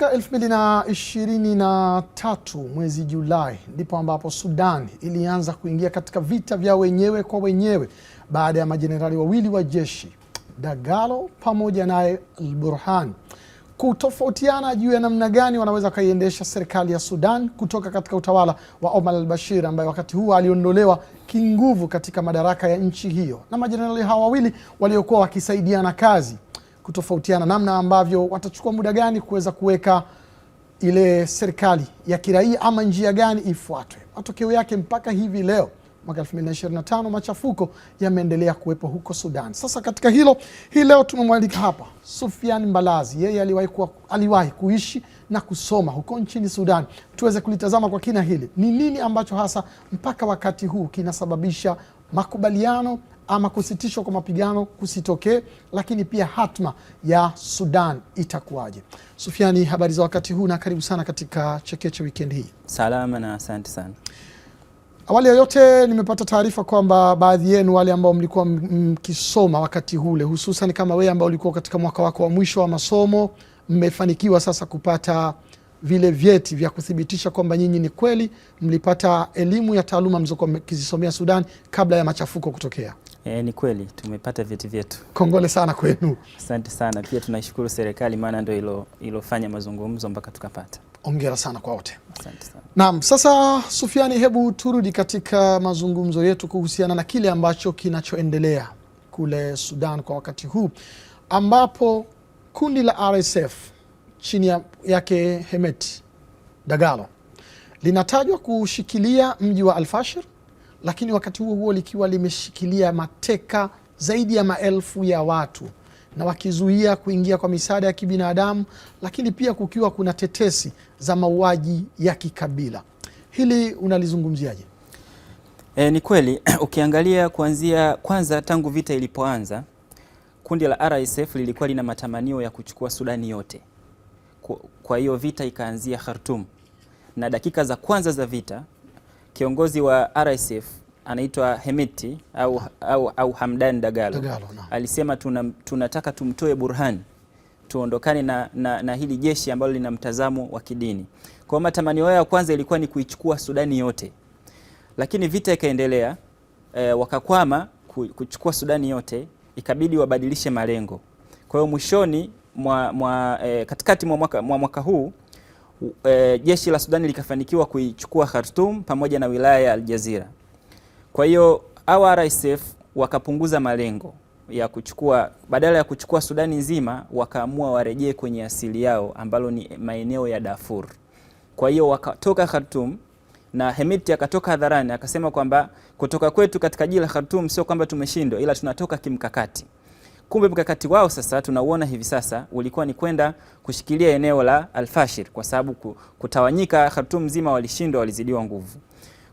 Mwaka 2023 mwezi Julai ndipo ambapo Sudan ilianza kuingia katika vita vya wenyewe kwa wenyewe baada ya majenerali wawili wa jeshi Dagalo pamoja naye Al-Burhan kutofautiana juu ya namna gani wanaweza wakaiendesha serikali ya Sudan kutoka katika utawala wa Omar al-Bashir ambaye wakati huo aliondolewa kinguvu katika madaraka ya nchi hiyo na majenerali hawa wawili waliokuwa wakisaidiana kazi kutofautiana namna ambavyo watachukua muda gani kuweza kuweka ile serikali ya kiraia ama njia gani ifuatwe. Matokeo yake mpaka hivi leo mwaka 2025 machafuko yameendelea kuwepo huko Sudan. Sasa katika hilo, hii leo tumemwalika hapa sufian Mbalazi, yeye aliwahi kuwa, aliwahi kuishi na kusoma huko nchini Sudan, tuweze kulitazama kwa kina hili, ni nini ambacho hasa mpaka wakati huu kinasababisha makubaliano ama kusitishwa kwa mapigano kusitokee, lakini pia hatma ya Sudan itakuwaje? Sufiani, habari za wakati huu na karibu sana katika Chekeche wikendi hii. Salama na asante sana. Awali ya yote nimepata taarifa kwamba baadhi yenu wale ambao mlikuwa mkisoma wakati ule, hususan kama wewe ambao ulikuwa katika mwaka wako wa mwisho wa masomo, mmefanikiwa sasa kupata vile vyeti vya kuthibitisha kwamba nyinyi ni kweli mlipata elimu ya taaluma mlizokuwa mkizisomea Sudan kabla ya machafuko kutokea. E, ni kweli tumepata vyeti vyetu. Kongole sana kwenu. Asante sana pia tunaishukuru serikali, maana ndio ilofanya mazungumzo mpaka tukapata. ongera sana kwa wote. Asante sana. Naam, sasa Sufiani, hebu turudi katika mazungumzo yetu kuhusiana na kile ambacho kinachoendelea kule Sudan kwa wakati huu ambapo kundi la RSF chini yake hemet Dagalo linatajwa kushikilia mji wa Alfashir lakini wakati huo huo likiwa limeshikilia mateka zaidi ya maelfu ya watu na wakizuia kuingia kwa misaada ya kibinadamu, lakini pia kukiwa kuna tetesi za mauaji ya kikabila. Hili unalizungumziaje? E, ni kweli ukiangalia kuanzia kwanza, tangu vita ilipoanza kundi la RSF lilikuwa lina matamanio ya kuchukua Sudani yote. Kwa hiyo vita ikaanzia Khartoum na dakika za kwanza za vita kiongozi wa RSF anaitwa Hemeti au, au, au Hamdan Dagalo, Dagalo no. Alisema tuna, tunataka tumtoe Burhani tuondokane na, na, na hili jeshi ambalo lina mtazamo wa kidini. Kwa matamanio yao ya kwanza ilikuwa ni kuichukua Sudani yote, lakini vita ikaendelea e, wakakwama kuchukua Sudani yote, ikabidi wabadilishe malengo. Kwa hiyo mwishoni mwa, mwa, e, katikati mwa mwaka, mwa mwaka huu e, jeshi la Sudani likafanikiwa kuichukua Khartoum pamoja na wilaya ya Aljazira. Kwa hiyo hawa RSF wakapunguza malengo ya kuchukua, badala ya kuchukua Sudani nzima, wakaamua warejee kwenye asili yao ambalo ni maeneo ya Darfur. Kwa hiyo wakatoka Khartoum na hemiti akatoka hadharani akasema kwamba kutoka kwetu katika jiji la Khartoum sio kwamba tumeshindwa, ila tunatoka kimkakati. Kumbe mkakati wao sasa tunauona hivi sasa ulikuwa ni kwenda kushikilia eneo la Alfashir, kwa sababu kutawanyika Khartoum mzima walishindwa, walizidiwa nguvu.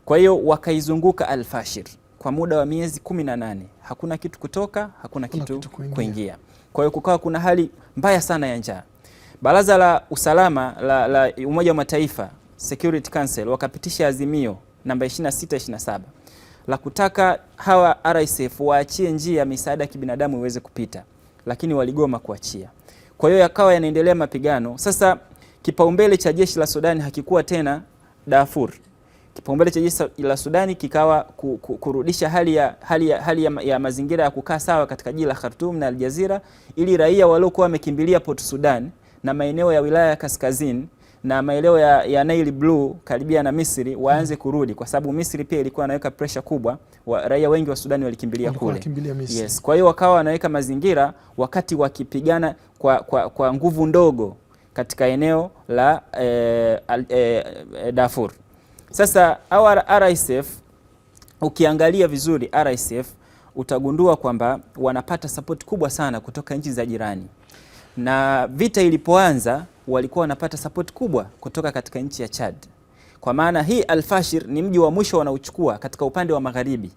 Kwa hiyo wakaizunguka Alfashir kwa muda wa miezi 18, hakuna kitu kutoka, hakuna kitu, kitu kuingia. Kwa hiyo kukawa kuna hali mbaya sana ya njaa. Baraza la usalama la, la Umoja wa Mataifa Security Council wakapitisha azimio namba 2627 la kutaka hawa RSF waachie njia ya misaada ya kibinadamu iweze kupita, lakini waligoma kuachia. Kwa hiyo yakawa yanaendelea mapigano. Sasa kipaumbele cha jeshi la Sudani hakikuwa tena Darfur. Kipaumbele cha jeshi la Sudani kikawa ku, ku, kurudisha hali ya, hali ya, hali ya, ya mazingira ya kukaa sawa katika jiji la Khartoum na Aljazira, ili raia waliokuwa wamekimbilia Port Sudan na maeneo ya wilaya ya kaskazini na maeneo ya, ya Nile Blue karibia na Misri waanze mm. kurudi, kwa sababu Misri pia ilikuwa inaweka pressure kubwa wa, raia wengi wa Sudani walikimbilia kule Misri. Yes, kwa hiyo wakawa wanaweka mazingira wakati wakipigana kwa, kwa, kwa nguvu ndogo katika eneo la eh, eh, Darfur. Sasa au RSF ukiangalia vizuri RSF utagundua kwamba wanapata sapoti kubwa sana kutoka nchi za jirani, na vita ilipoanza walikuwa wanapata support kubwa kutoka katika nchi ya Chad. Kwa maana hii alfashir ni mji wa mwisho wanaochukua katika upande wa magharibi,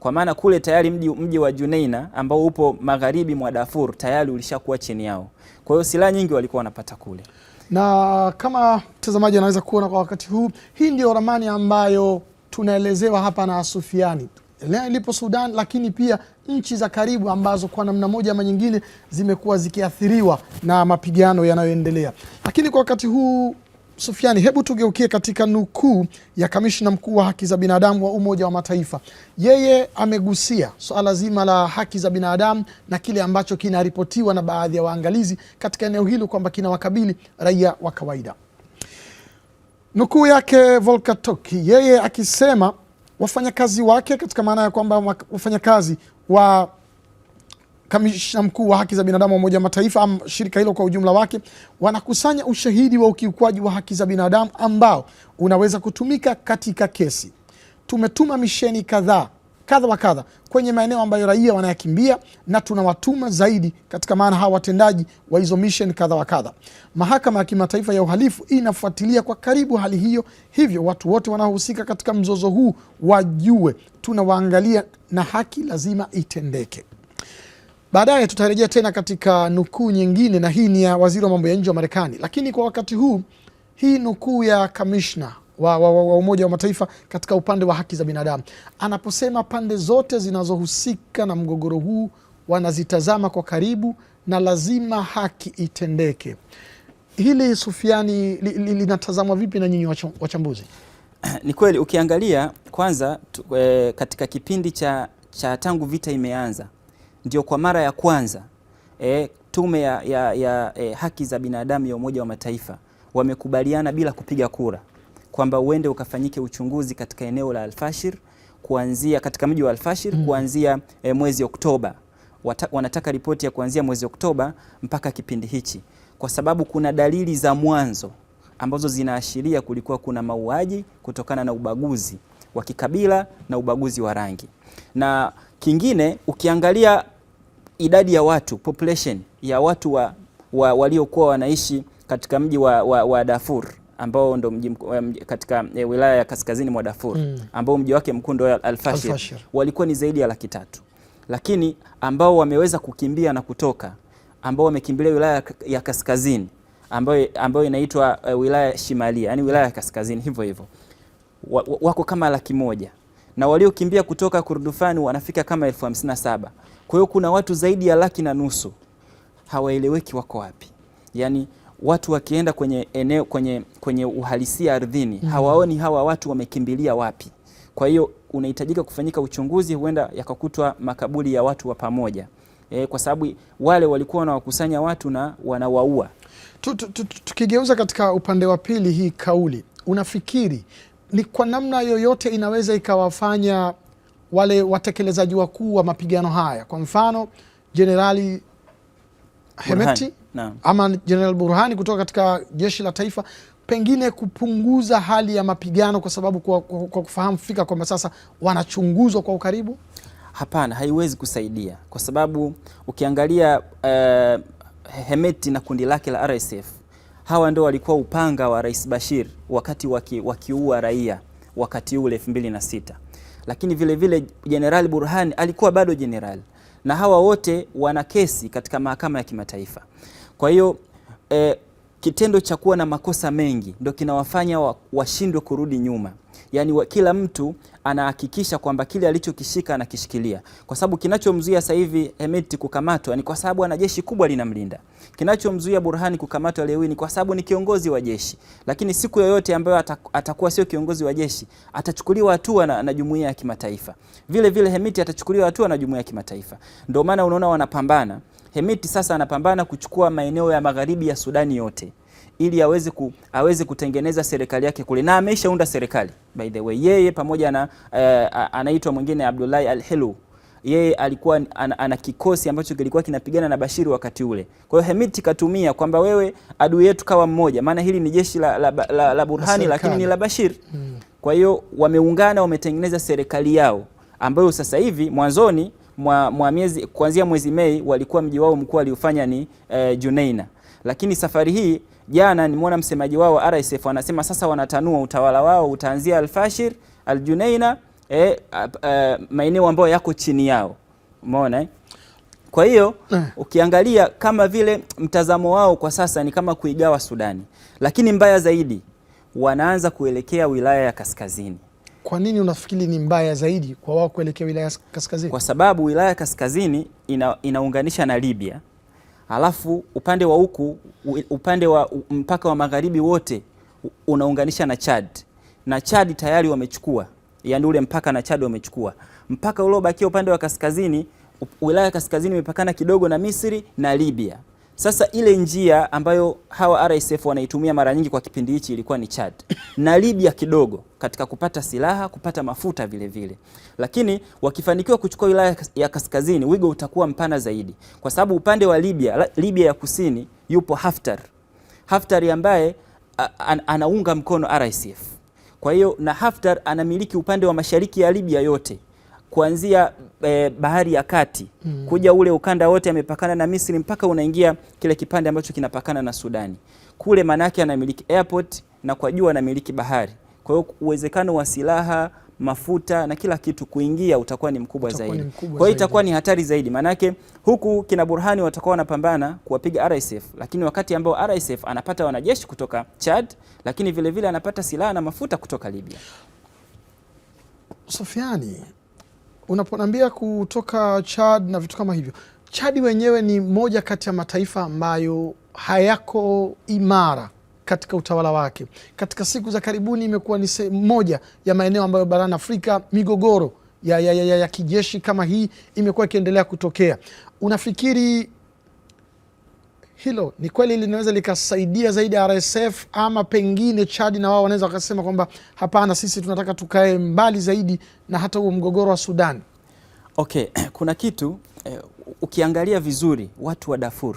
kwa maana kule tayari mji, mji wa Juneina ambao upo magharibi mwa Darfur tayari ulishakuwa chini yao. Kwa hiyo silaha nyingi walikuwa wanapata kule, na kama mtazamaji anaweza kuona kwa wakati huu, hii ndio ramani ambayo tunaelezewa hapa na Sufiani leo ilipo Sudan, lakini pia nchi za karibu ambazo kwa namna moja ama nyingine zimekuwa zikiathiriwa na mapigano yanayoendelea. Lakini kwa wakati huu Sufiani, hebu tugeukie katika nukuu ya kamishna mkuu wa haki za binadamu wa Umoja wa Mataifa. Yeye amegusia swala so zima la haki za binadamu na kile ambacho kinaripotiwa na baadhi ya waangalizi katika eneo hilo kwamba kinawakabili raia wa kawaida. Nukuu yake Volker Turk, yeye akisema wafanyakazi wake katika maana ya kwamba wafanyakazi wa kamishna mkuu wa haki za binadamu wa Umoja wa Mataifa ama shirika hilo kwa ujumla wake wanakusanya ushahidi wa ukiukwaji wa haki za binadamu ambao unaweza kutumika katika kesi. Tumetuma misheni kadhaa kadha wa kadha kwenye maeneo ambayo raia wanayakimbia, na tunawatuma zaidi katika maana hawa watendaji wa hizo mishen kadha wa kadha. Mahakama ya Kimataifa ya Uhalifu inafuatilia kwa karibu hali hiyo, hivyo watu wote wanaohusika katika mzozo huu wajue tunawaangalia na haki lazima itendeke. Baadaye tutarejea tena katika nukuu nyingine, na hii ni ya waziri wa mambo ya nje wa Marekani, lakini kwa wakati huu hii nukuu ya kamishna wa, wa, wa, wa Umoja wa Mataifa katika upande wa haki za binadamu, anaposema pande zote zinazohusika na mgogoro huu wanazitazama kwa karibu na lazima haki itendeke. Hili Sufiani, linatazamwa vipi na nyinyi wachambuzi? Ni kweli ukiangalia kwanza tu, e, katika kipindi cha, cha tangu vita imeanza ndio kwa mara ya kwanza e, tume ya, ya, ya e, haki za binadamu ya Umoja wa Mataifa wamekubaliana bila kupiga kura kwamba uende ukafanyike uchunguzi katika eneo la Alfashir kuanzia katika mji wa Alfashir mm. kuanzia e, mwezi Oktoba Wata, wanataka ripoti ya kuanzia mwezi Oktoba mpaka kipindi hichi, kwa sababu kuna dalili za mwanzo ambazo zinaashiria kulikuwa kuna mauaji kutokana na ubaguzi wa kikabila na ubaguzi wa rangi. Na kingine ukiangalia idadi ya watu population ya watu wa, wa, waliokuwa wanaishi katika mji wa, wa, wa Darfur ambao ndo mji katika e, wilaya ya kaskazini mwa Darfur mm. ambao mji wake mkuu ndo Al-Fashir. al walikuwa ni zaidi ya laki tatu, lakini ambao wameweza kukimbia na kutoka, ambao wamekimbilia wilaya ya kaskazini ambayo, ambayo inaitwa e, wilaya Shimalia, yani wilaya ya kaskazini hivyo hivyo wako kama laki moja na waliokimbia kutoka Kurdufani wanafika kama elfu hamsini na saba. Kwa hiyo kuna watu zaidi ya laki na nusu hawaeleweki wako wapi yani watu wakienda kwenye eneo, kwenye, kwenye uhalisia ardhini mm -hmm. hawaoni hawa watu wamekimbilia wapi. Kwa hiyo unahitajika kufanyika uchunguzi, huenda yakakutwa makaburi ya watu wa pamoja e, kwa sababu wale walikuwa wanawakusanya watu na wanawaua. Tukigeuza katika upande wa pili, hii kauli unafikiri ni kwa namna yoyote inaweza ikawafanya wale watekelezaji wakuu wa mapigano haya, kwa mfano Jenerali Hemeti Burhani, ama General Burhani kutoka katika jeshi la taifa pengine kupunguza hali ya mapigano kwa sababu kwa, kwa, kwa kufahamu fika kwamba sasa wanachunguzwa kwa ukaribu? Hapana, haiwezi kusaidia kwa sababu ukiangalia uh, eh, Hemeti na kundi lake la RSF hawa ndio walikuwa upanga wa Rais Bashir wakati waki, wakiua raia wakati ule 2006 lakini vilevile Jenerali Burhani alikuwa bado jenerali na hawa wote wana kesi katika mahakama ya kimataifa. Kwa hiyo eh, kitendo cha kuwa na makosa mengi ndio kinawafanya washindwe wa kurudi nyuma yani wa, kila mtu anahakikisha kwamba kile alichokishika anakishikilia, kwa sababu kinachomzuia sasa hivi Hemeti kukamatwa ni kwa sababu ana jeshi kubwa linamlinda. Kinachomzuia Burhani kukamatwa leo ni kwa sababu ni kiongozi wa jeshi, lakini siku yoyote ambayo atakuwa sio kiongozi wa jeshi atachukuliwa hatua na, na jumuiya ya kimataifa. Vile vile Hemeti atachukuliwa hatua na jumuiya ya kimataifa. Ndio maana unaona wanapambana. Hemeti sasa anapambana kuchukua maeneo ya magharibi ya Sudani yote ili aweze, ku, aweze kutengeneza serikali yake kule, na ameshaunda serikali by the way. Yeye pamoja na uh, anaitwa mwingine Abdullahi al yeye alikuwa ana, ana kikosi ambacho kilikuwa kinapigana na Bashiri wakati ule. Kwa hiyo Hemiti katumia kwamba wewe adui yetu kawa mmoja, maana hili ni jeshi la, la, la, la, Burhani lakini ni la Bashir hmm. Kwa hiyo wameungana, wametengeneza serikali yao ambayo sasa hivi mwanzoni mwa, mwa miezi kuanzia mwezi Mei walikuwa mji wao mkuu aliofanya ni eh, Junaina, lakini safari hii Jana nimeona msemaji wao wa RSF wanasema sasa wanatanua utawala wao, utaanzia Alfashir, Aljuneina, e, e, maeneo ambayo yako chini yao, umeona eh? Kwa hiyo eh. ukiangalia kama vile mtazamo wao kwa sasa ni kama kuigawa Sudani, lakini mbaya zaidi wanaanza kuelekea wilaya ya kaskazini. Kwa nini unafikiri ni mbaya zaidi kwa wao kuelekea wilaya ya kaskazini? Kwa sababu wilaya ya kaskazini ina, inaunganisha na Libya alafu upande wa huku upande wa mpaka wa magharibi wote unaunganisha na Chad na Chad tayari wamechukua, yaani ule mpaka na Chad wamechukua. Mpaka uliobakia upande wa kaskazini, wilaya ya kaskazini imepakana kidogo na Misri na Libya. Sasa ile njia ambayo hawa RSF wanaitumia mara nyingi kwa kipindi hichi ilikuwa ni Chad na Libya kidogo katika kupata silaha, kupata mafuta vile vile. Lakini wakifanikiwa kuchukua wilaya ya kaskazini, wigo utakuwa mpana zaidi, kwa sababu upande wa Libya, Libya ya kusini yupo Haftar, Haftar ambaye an, anaunga mkono RSF. Kwa hiyo na Haftar anamiliki upande wa mashariki ya Libya yote kuanzia eh, bahari ya kati mm. kuja ule ukanda wote amepakana na Misri mpaka unaingia kile kipande ambacho kinapakana na Sudani kule, manake anamiliki airport na kwa jua anamiliki bahari. Kwa hiyo uwezekano wa silaha, mafuta na kila kitu kuingia utakuwa ni mkubwa zaidi. Kwa hiyo itakuwa ni hatari zaidi, manake huku kina Burhani watakuwa wanapambana kuwapiga RSF, lakini wakati ambao RSF anapata wanajeshi kutoka Chad, lakini vilevile vile anapata silaha na mafuta kutoka Libya. Sofiani unaponambia kutoka Chad na vitu kama hivyo, Chadi wenyewe ni moja kati ya mataifa ambayo hayako imara katika utawala wake. Katika siku za karibuni imekuwa ni sehemu moja ya maeneo ambayo barani Afrika migogoro ya, ya, ya, ya kijeshi kama hii imekuwa ikiendelea kutokea. Unafikiri hilo ni kweli linaweza likasaidia zaidi RSF ama pengine chadi na wao wanaweza wakasema kwamba hapana, sisi tunataka tukae mbali zaidi na hata huo mgogoro wa Sudan. Okay, kuna kitu eh, ukiangalia vizuri watu wa Darfur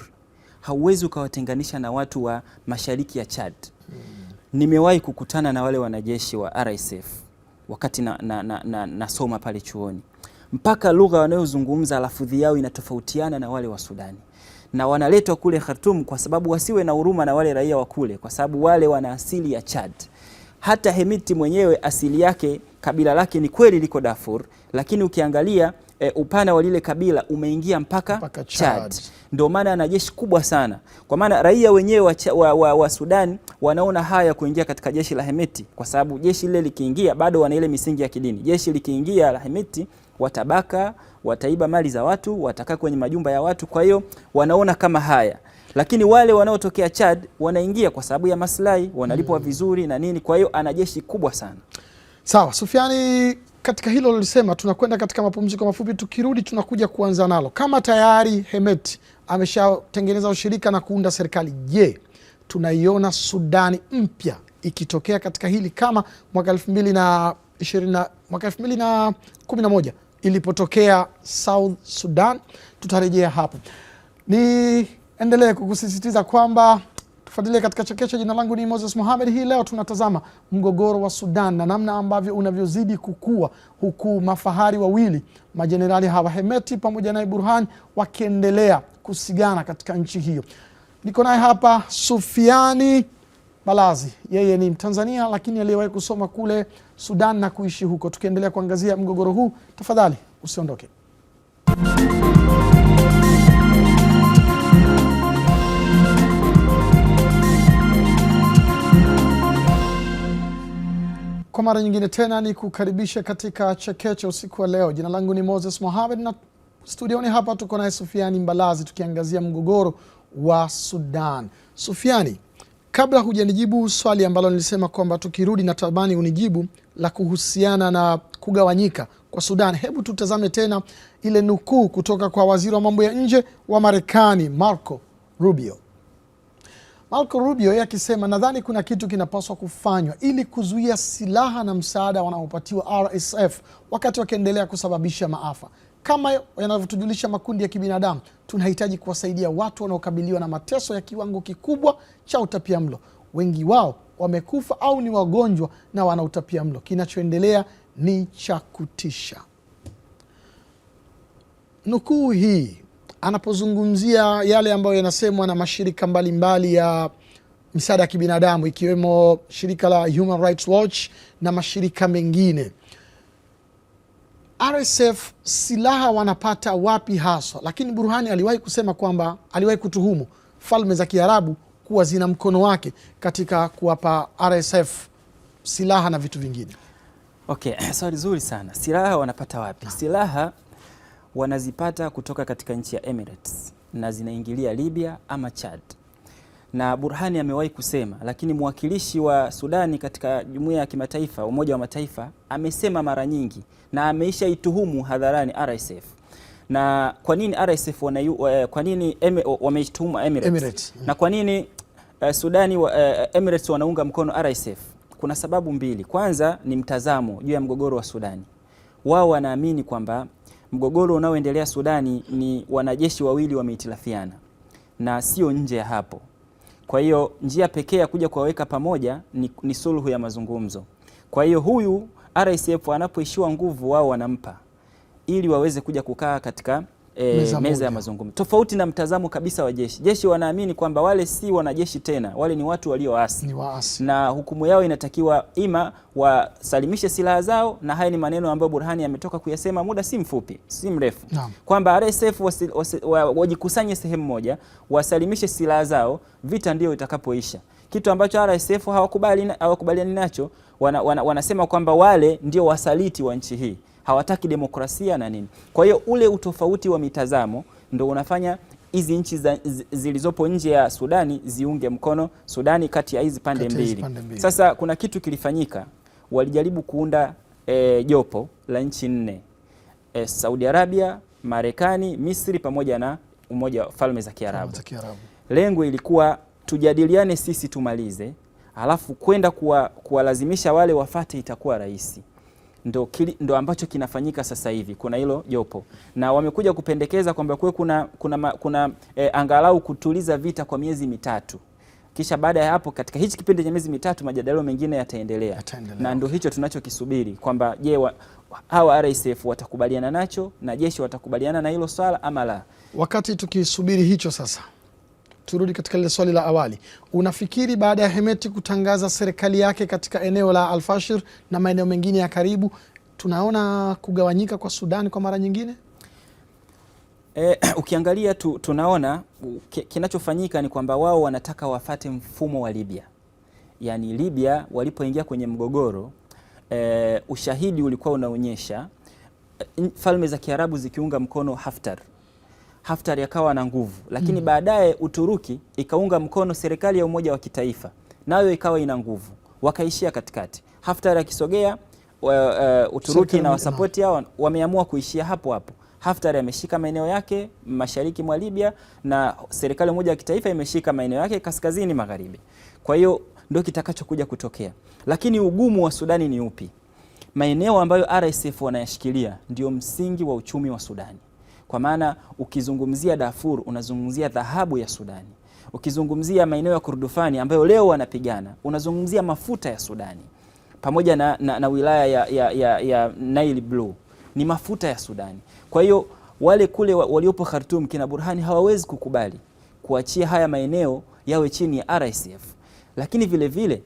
hauwezi ukawatenganisha na watu wa mashariki ya Chad. Hmm. Nimewahi kukutana na wale wanajeshi wa RSF wakati nasoma na, na, na, na pale chuoni, mpaka lugha wanayozungumza lafudhi yao inatofautiana na wale wa Sudani na wanaletwa kule Khartoum kwa sababu wasiwe na huruma na wale raia wa kule, kwa sababu wale wana asili ya Chad. Hata Hemiti mwenyewe asili yake kabila lake ni kweli liko Darfur, lakini ukiangalia e, upana wa lile kabila umeingia mpaka, mpaka Chad, Chad. Ndio maana ana jeshi kubwa sana, kwa maana raia wenyewe wa, wa, wa, wa Sudan wanaona haya kuingia katika jeshi la Hemiti, kwa sababu jeshi lile likiingia bado wana ile misingi ya kidini. Jeshi likiingia la Hemiti watabaka, wataiba mali za watu, watakaa kwenye majumba ya watu. Kwa hiyo wanaona kama haya, lakini wale wanaotokea Chad wanaingia kwa sababu ya maslahi, wanalipwa mm. vizuri na nini. Kwa hiyo ana jeshi kubwa sana. Sawa, Sufiani, katika hilo lilisema, tunakwenda katika mapumziko mafupi, tukirudi tunakuja kuanza nalo. Kama tayari hemet ameshatengeneza ushirika na kuunda serikali, je, tunaiona Sudani mpya ikitokea katika hili kama mwaka elfu mbili na ishirini, mwaka elfu mbili na kumi na moja ilipotokea South Sudan. Tutarejea hapo. Niendelee kukusisitiza kwamba tufuatilie katika Chekesho. Jina langu ni Moses muhamed Hii leo tunatazama mgogoro wa Sudan na namna ambavyo unavyozidi kukua, huku mafahari wawili majenerali hawa Hemeti pamoja naye Burhan wakiendelea kusigana katika nchi hiyo. Niko naye hapa Sufiani Balazi, yeye ni Mtanzania lakini aliyewahi kusoma kule Sudan na kuishi huko. Tukiendelea kuangazia mgogoro huu, tafadhali usiondoke. Kwa mara nyingine tena ni kukaribisha katika Chekeche usiku wa leo. Jina langu ni Moses Mohamed na studioni hapa tuko naye Sufiani Mbalazi tukiangazia mgogoro wa Sudan. Sufiani, Kabla hujanijibu swali ambalo nilisema kwamba tukirudi na tamani unijibu la kuhusiana na kugawanyika kwa Sudan, hebu tutazame tena ile nukuu kutoka kwa waziri wa mambo ya nje wa Marekani Marco Rubio. Marco Rubio yeye akisema, nadhani kuna kitu kinapaswa kufanywa ili kuzuia silaha na msaada wanaopatiwa RSF wakati wakiendelea kusababisha maafa. Kama yanavyotujulisha makundi ya kibinadamu, tunahitaji kuwasaidia watu wanaokabiliwa na mateso ya kiwango kikubwa cha utapia mlo Wengi wao wamekufa au ni wagonjwa na wana mlo Kinachoendelea ni cha kutisha. Nukuu hii anapozungumzia yale ambayo yanasemwa na mashirika mbalimbali ya misaada ya kibinadamu ikiwemo shirika la Human Rights Watch na mashirika mengine. RSF silaha wanapata wapi haswa? Lakini Burhani aliwahi kusema kwamba aliwahi kutuhumu falme za Kiarabu kuwa zina mkono wake katika kuwapa RSF silaha na vitu vingine. Okay, swali zuri sana. Silaha wanapata wapi? Silaha wanazipata kutoka katika nchi ya Emirates na zinaingilia Libya ama Chad na Burhani amewahi kusema, lakini mwakilishi wa Sudani katika jumuiya ya kimataifa, Umoja wa Mataifa, amesema mara nyingi na ameisha ituhumu hadharani RSF na kwa nini RSF eh, kwa nini wameituhumu Emirates, Emirates mm. na kwa nini uh, Sudani wa, uh, Emirates wanaunga mkono RSF? Kuna sababu mbili. Kwanza ni mtazamo juu ya mgogoro wa Sudani. Wao wanaamini kwamba mgogoro unaoendelea Sudani ni wanajeshi wawili wamehitilafiana na sio nje ya hapo. Kwa hiyo njia pekee ya kuja kuwaweka pamoja ni, ni suluhu ya mazungumzo. Kwa hiyo huyu RSF anapoishiwa nguvu, wao wanampa ili waweze kuja kukaa katika E, meza, meza ya mazungumzo tofauti na mtazamo kabisa wa jeshi. Jeshi wanaamini kwamba wale si wanajeshi tena, wale ni watu walioasi, ni waasi, na hukumu yao inatakiwa ima wasalimishe silaha zao, na haya ni maneno ambayo Burhani ametoka kuyasema muda si mfupi si mrefu kwamba RSF wajikusanye sehemu moja, wasalimishe silaha zao, vita ndio itakapoisha, kitu ambacho RSF hawakubaliani nacho. Wanasema wana, wana kwamba wale ndio wasaliti wa nchi hii hawataki demokrasia na nini. Kwa hiyo ule utofauti wa mitazamo ndo unafanya hizi nchi zilizopo nje ya Sudani ziunge mkono Sudani kati ya hizi pande mbili. Sasa kuna kitu kilifanyika, walijaribu kuunda eh, jopo e, la nchi nne e, Saudi Arabia, Marekani, Misri pamoja na Umoja wa Falme za Kiarabu. Lengo ilikuwa tujadiliane sisi tumalize, alafu kwenda kuwalazimisha kuwa wale wafate itakuwa rahisi ndo, kili, ndo ambacho kinafanyika sasa hivi. Kuna hilo jopo na wamekuja kupendekeza kwamba kuwe kuna, kuna, kuna e, angalau kutuliza vita kwa miezi mitatu kisha baada ya hapo, katika hichi kipindi cha miezi mitatu majadiliano mengine yataendelea, na ndio hicho tunachokisubiri kwamba je, hawa RSF watakubaliana nacho na jeshi watakubaliana na hilo swala ama la. Wakati tukisubiri hicho sasa turudi katika lile swali la awali. Unafikiri baada ya Hemeti kutangaza serikali yake katika eneo la Alfashir na maeneo mengine ya karibu, tunaona kugawanyika kwa sudani kwa mara nyingine? E, ukiangalia tu, tunaona kinachofanyika ni kwamba wao wanataka wafate mfumo wa Libya, yaani Libya walipoingia kwenye mgogoro e, ushahidi ulikuwa unaonyesha eh, falme za Kiarabu zikiunga mkono Haftar Haftar yakawa na nguvu, lakini mm. baadaye Uturuki ikaunga mkono serikali ya umoja wa kitaifa, nayo ikawa ina nguvu, wakaishia katikati. Haftar akisogea uh, uh, Uturuki na wasapoti hao wameamua kuishia hapo hapo. Haftar ameshika maeneo yake mashariki mwa Libya na serikali ya umoja wa kitaifa imeshika maeneo yake kaskazini magharibi. Kwa hiyo ndio kitakachokuja kutokea, lakini ugumu wa Sudani ni upi? Maeneo ambayo RSF wanayashikilia ndio msingi wa uchumi wa Sudani. Kwa maana ukizungumzia Darfur unazungumzia dhahabu ya Sudani, ukizungumzia maeneo ya Kurdufani ambayo leo wanapigana unazungumzia mafuta ya Sudani pamoja na, na, na wilaya ya, ya, ya, ya Nile Blue ni mafuta ya Sudani. Kwa hiyo wale kule waliopo Khartoum kina Burhani hawawezi kukubali kuachia haya maeneo yawe chini ya RSF, lakini vile vile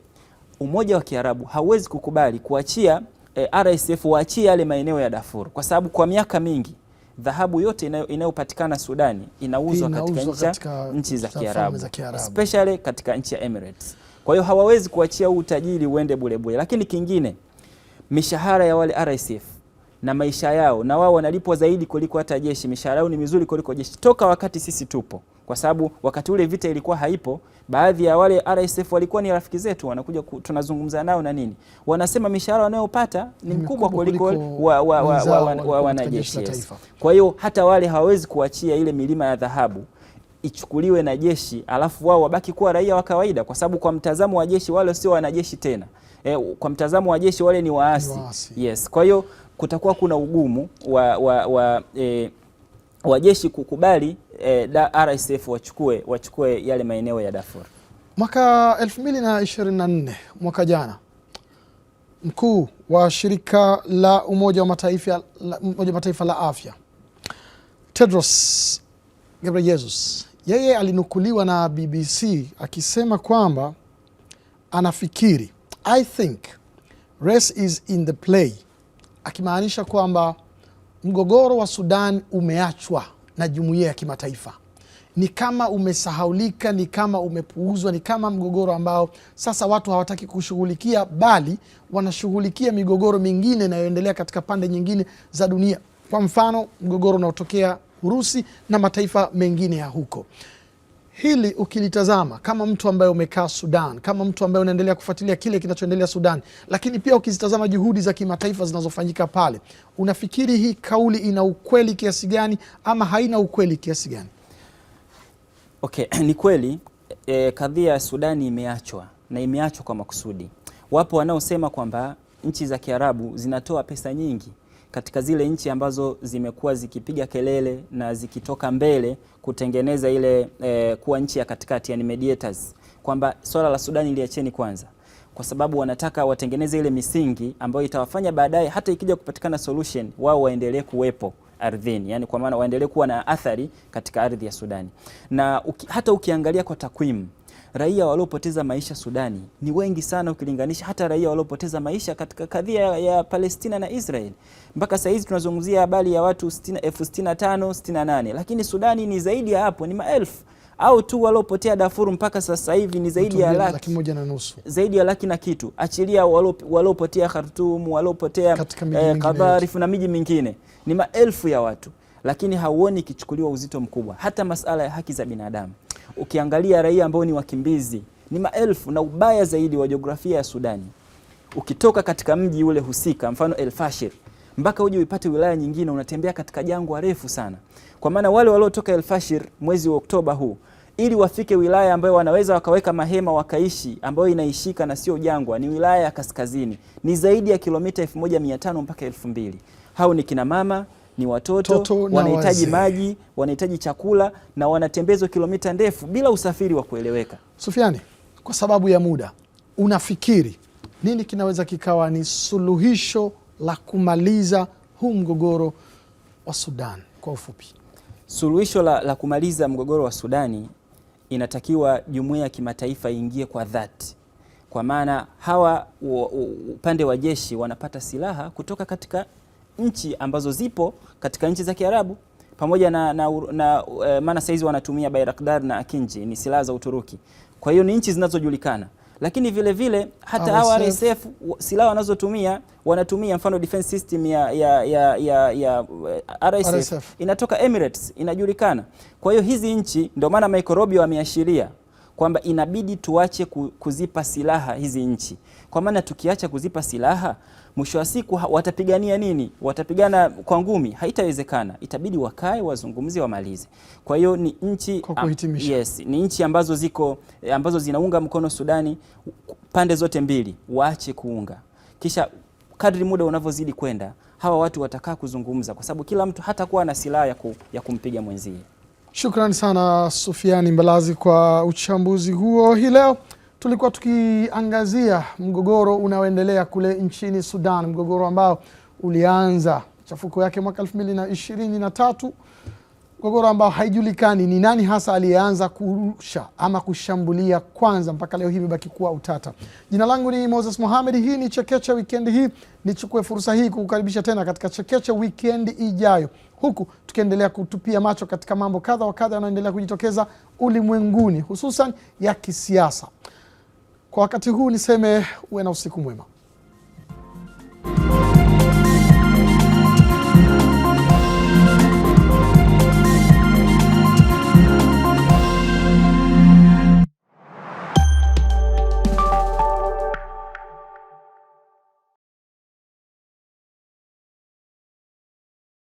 Umoja wa Kiarabu hawezi kukubali kuachia eh, RSF waachie yale maeneo ya Darfur kwa sababu kwa miaka mingi dhahabu yote inayopatikana Sudani inauzwa katika, katika nchi za Kiarabu especially katika nchi ya Emirates. Kwa hiyo hawawezi kuachia huu utajiri uende bulebule. Lakini kingine, mishahara ya wale RSF na maisha yao, na wao wanalipwa zaidi kuliko hata jeshi. Mishahara yao ni mizuri kuliko jeshi toka wakati sisi tupo kwa sababu wakati ule vita ilikuwa haipo. Baadhi ya wale RSF walikuwa ni rafiki zetu, wanakuja tunazungumza nao na nini, wanasema mishahara wanayopata ni mkubwa kuliko wa wanajeshi. Kwa hiyo hata wale hawawezi kuachia ile milima ya dhahabu ichukuliwe na jeshi alafu wao wabaki kuwa raia wa kawaida, kwa sababu kwa mtazamo wa jeshi wale sio wanajeshi tena. E, kwa mtazamo wa jeshi wale ni waasi, ni waasi. Yes, kwa hiyo kutakuwa kuna ugumu wa, wa, wa, e, wa jeshi kukubali eh, RSF wachukue wachukue yale maeneo ya Darfur. Mwaka 2024 mwaka jana, mkuu wa shirika la Umoja wa Mataifa la, Umoja wa Mataifa la afya Tedros Ghebreyesus yeye alinukuliwa na BBC akisema kwamba anafikiri, I think race is in the play, akimaanisha kwamba mgogoro wa Sudan umeachwa na jumuiya ya kimataifa. Ni kama umesahaulika, ni kama umepuuzwa, ni kama mgogoro ambao sasa watu hawataki kushughulikia, bali wanashughulikia migogoro mingine inayoendelea katika pande nyingine za dunia. Kwa mfano, mgogoro unaotokea Urusi na mataifa mengine ya huko hili ukilitazama kama mtu ambaye umekaa Sudan, kama mtu ambaye unaendelea kufuatilia kile kinachoendelea Sudan, lakini pia ukizitazama juhudi za kimataifa zinazofanyika pale, unafikiri hii kauli ina ukweli kiasi gani ama haina ukweli kiasi gani? Okay, ni kweli e, kadhia ya Sudani imeachwa na imeachwa kwa makusudi. Wapo wanaosema kwamba nchi za Kiarabu zinatoa pesa nyingi katika zile nchi ambazo zimekuwa zikipiga kelele na zikitoka mbele kutengeneza ile e, kuwa nchi ya katikati, yani mediators, kwamba swala la Sudani liacheni kwanza, kwa sababu wanataka watengeneze ile misingi ambayo itawafanya baadaye hata ikija kupatikana solution wao waendelee kuwepo ardhini, yani kwa maana waendelee kuwa na athari katika ardhi ya Sudani. Na uki, hata ukiangalia kwa takwimu raia waliopoteza maisha Sudani ni wengi sana ukilinganisha hata raia waliopoteza maisha katika kadhia ya Palestina na Israel. Mpaka sahizi hizi tunazungumzia habari ya watu elfu sitini na tano sitini na nane lakini Sudani ni zaidi ya hapo, ni maelfu au tu waliopotea Darfur mpaka sasa hivi ni zaidi ya laki moja na nusu, zaidi ya laki na kitu, achilia waliopotea Khartoum, waliopotea eh, na miji mingine, ni maelfu ya watu, lakini hauoni ikichukuliwa uzito mkubwa, hata masala ya haki za binadamu ukiangalia raia ambao ni wakimbizi ni maelfu, na ubaya zaidi wa jiografia ya Sudani, ukitoka katika mji ule husika, mfano El Fashir, mpaka uje uipate wilaya nyingine, unatembea katika jangwa refu sana. Kwa maana wale waliotoka El Fashir mwezi wa Oktoba huu ili wafike wilaya ambayo wanaweza wakaweka mahema wakaishi, ambayo inaishika na sio jangwa, ni wilaya ya kaskazini, ni zaidi ya kilomita 1500 mpaka 2000. Hao ni kina mama ni watoto wanahitaji maji, wanahitaji chakula na wanatembezwa kilomita ndefu bila usafiri wa kueleweka. Sufiani, kwa sababu ya muda, unafikiri nini kinaweza kikawa ni suluhisho la kumaliza huu mgogoro wa Sudan? Kwa ufupi, suluhisho la, la kumaliza mgogoro wa Sudani inatakiwa jumuiya ya kimataifa iingie kwa dhati, kwa maana hawa upande wa jeshi wanapata silaha kutoka katika nchi ambazo zipo katika nchi za Kiarabu pamoja na, na, na eh, maana saizi wanatumia Bayraktar na Akinji ni silaha za Uturuki. Kwa hiyo ni nchi zinazojulikana, lakini vile vile hata hawa RSF silaha wanazotumia wanatumia mfano defense system ya, ya, ya, ya, ya eh, RSF, RSF inatoka Emirates inajulikana. Kwa hiyo hizi nchi ndio maana Michael Rubio ameashiria kwamba inabidi tuache kuzipa silaha hizi nchi, kwa maana tukiacha kuzipa silaha mwisho wa siku watapigania nini? Watapigana kwa ngumi? Haitawezekana, itabidi wakae, wazungumze, wamalize. Kwa hiyo ni nchi am, yes, ni nchi ambazo ziko ambazo zinaunga mkono Sudani pande zote mbili, waache kuunga, kisha kadri muda unavyozidi kwenda hawa watu watakaa kuzungumza, kwa sababu kila mtu hatakuwa na silaha ya, ku, ya kumpiga mwenzie. Shukrani sana Sufiani Mbalazi kwa uchambuzi huo hii leo tulikuwa tukiangazia mgogoro unaoendelea kule nchini Sudan, mgogoro ambao ulianza chafuko yake mwaka elfu mbili na ishirini na tatu, mgogoro ambao haijulikani ni nani hasa aliyeanza kurusha ama kushambulia kwanza, mpaka leo hii imebaki kuwa utata. Jina langu ni Moses Mohamed, hii ni Chekeche wikendi hii. Nichukue fursa hii kukukaribisha tena katika Chekeche wikendi ijayo, huku tukiendelea kutupia macho katika mambo kadha wa kadha yanayoendelea kujitokeza ulimwenguni, hususan ya kisiasa. Kwa wakati huu niseme uwe na usiku mwema.